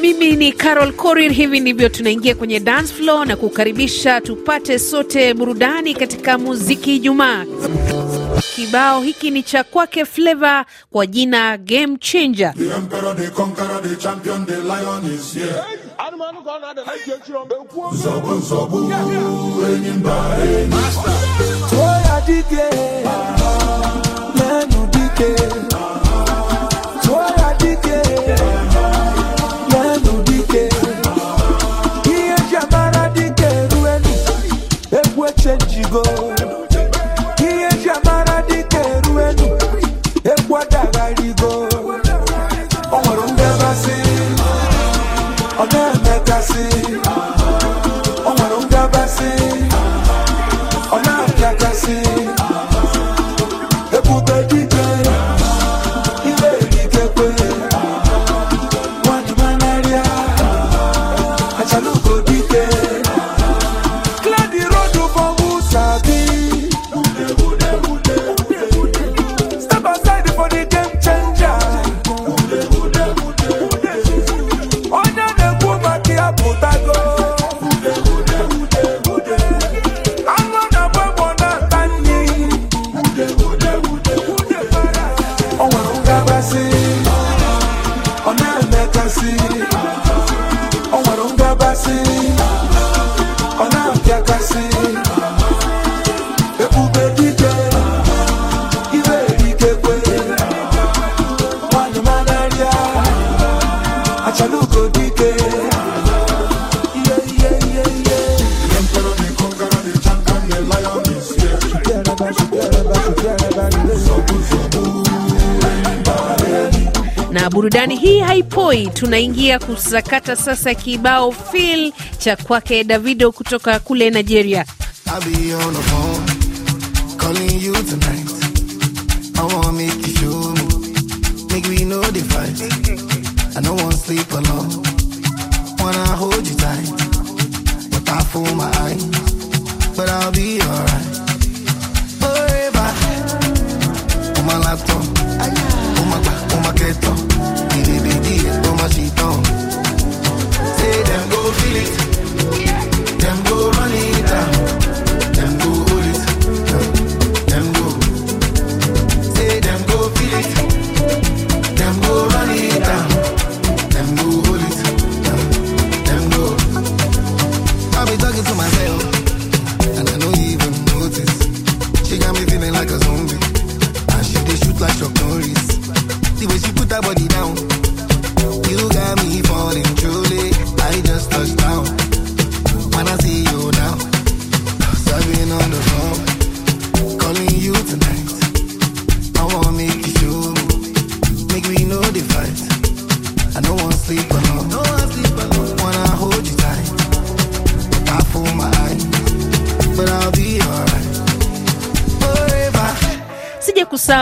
Mimi ni Carol Korir. Hivi ndivyo tunaingia kwenye dance flo na kukaribisha tupate sote burudani katika muziki Ijumaa. Kibao hiki ni cha kwake Fleva kwa jina Game Changer. mmanụ ka o dike dike it. Burudani hii haipoi, tunaingia kusakata sasa kibao fil cha kwake Davido kutoka kule Nigeria. I'll be on the phone, calling you tonight. talking to myself, and I don't even notice. She got me feeling like a zombie, and she they shoot like Chuck Norris. The way she put her body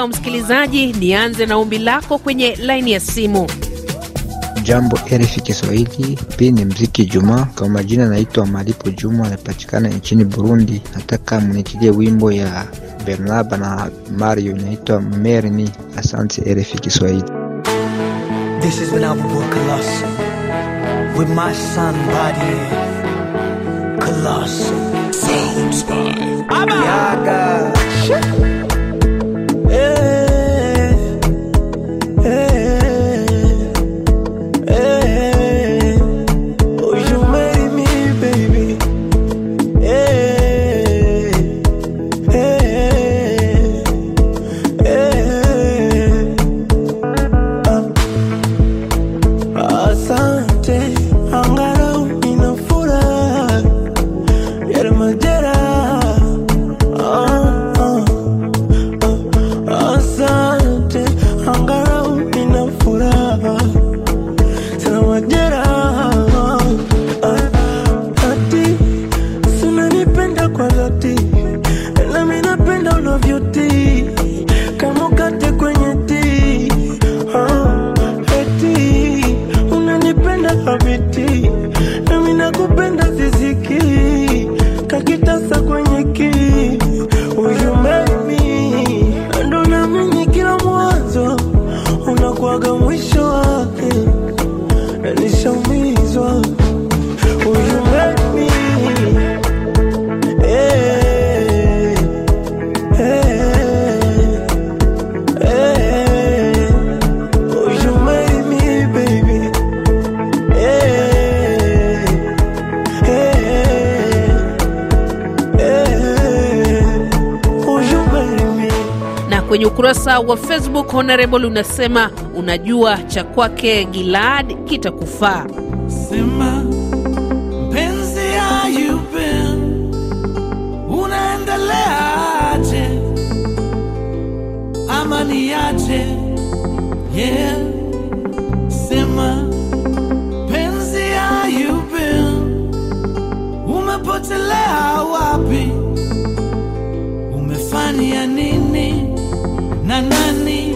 usisahau msikilizaji, nianze na ombi lako kwenye laini ya simu. Jambo RFI Kiswahili, pii ni mziki Juma. Kwa majina naitwa Malipo Juma, anapatikana nchini Burundi. Nataka mnichilie wimbo ya Bernaba na Mario inaitwa Merni. Asante RFI Kiswahili. This with my son ukurasa wa Facebook Honorable unasema unajua cha kwake Gilad kitakufaa. Sema mpenzi, ayupen unaendeleaje? Amani yaje yeah. and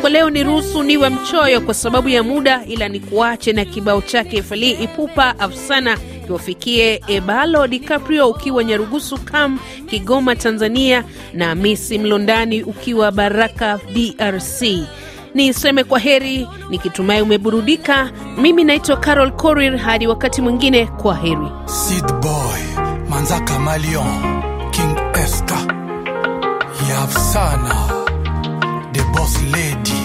Kwa leo ni ruhusu niwe mchoyo kwa sababu ya muda, ila ni kuache na kibao chake Fally Ipupa Afsana kiwafikie Ebalo DiCaprio ukiwa Nyarugusu Kam, Kigoma, Tanzania, na Misi Mlondani ukiwa Baraka, DRC. Niseme kwa heri nikitumai umeburudika. Mimi naitwa Carol Korir, hadi wakati mwingine, kwa heri. Banza Camaleon, King Esther, Yafsana, The Boss Lady.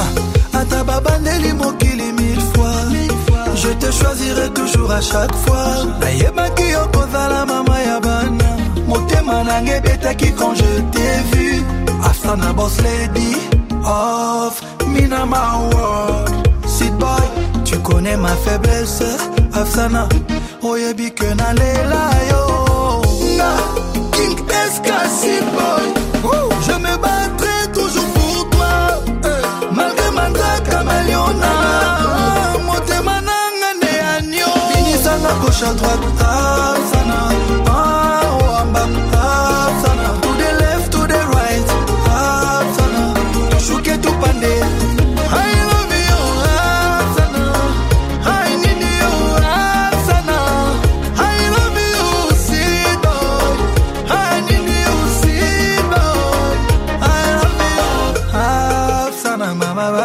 Ah, ata babandeli mokili mille fois, je te choisirai toujours à chaque fois. Nayebaki la mama yabana, Mote motema nange betaki quand je t'ai vu. Afsana Boss Lady of Minama World. Sit boy, tu connais ma faiblesse, Afsana. oyebi ke nalela yo nga king eskasiboy je me battrai toujours pour toi eh. malgré mandraka maliona motema nanga nde anio binisanga gauche a droite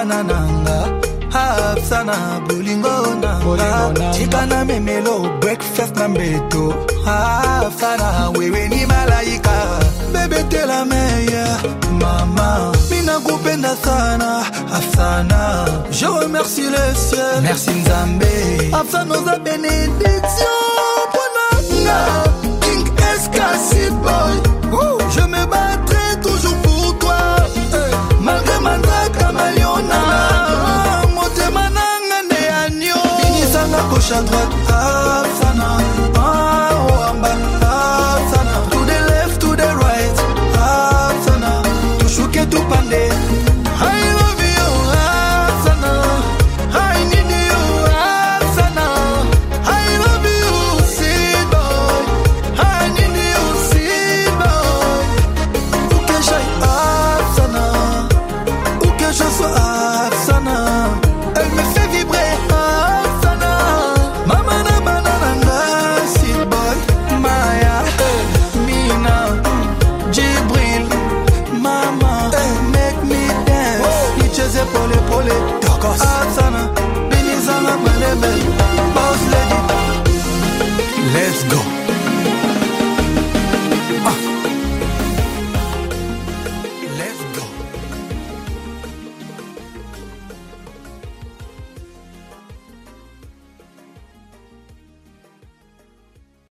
motana nanga hapsa na bolingo nanga tika na memelo breakfast na mbeto hapsa na wewe ni malaika bebetela meya mama minakupenda sana afsana je remercie le ciel merci nzambe afsa noza benediction mpo nanga 山川。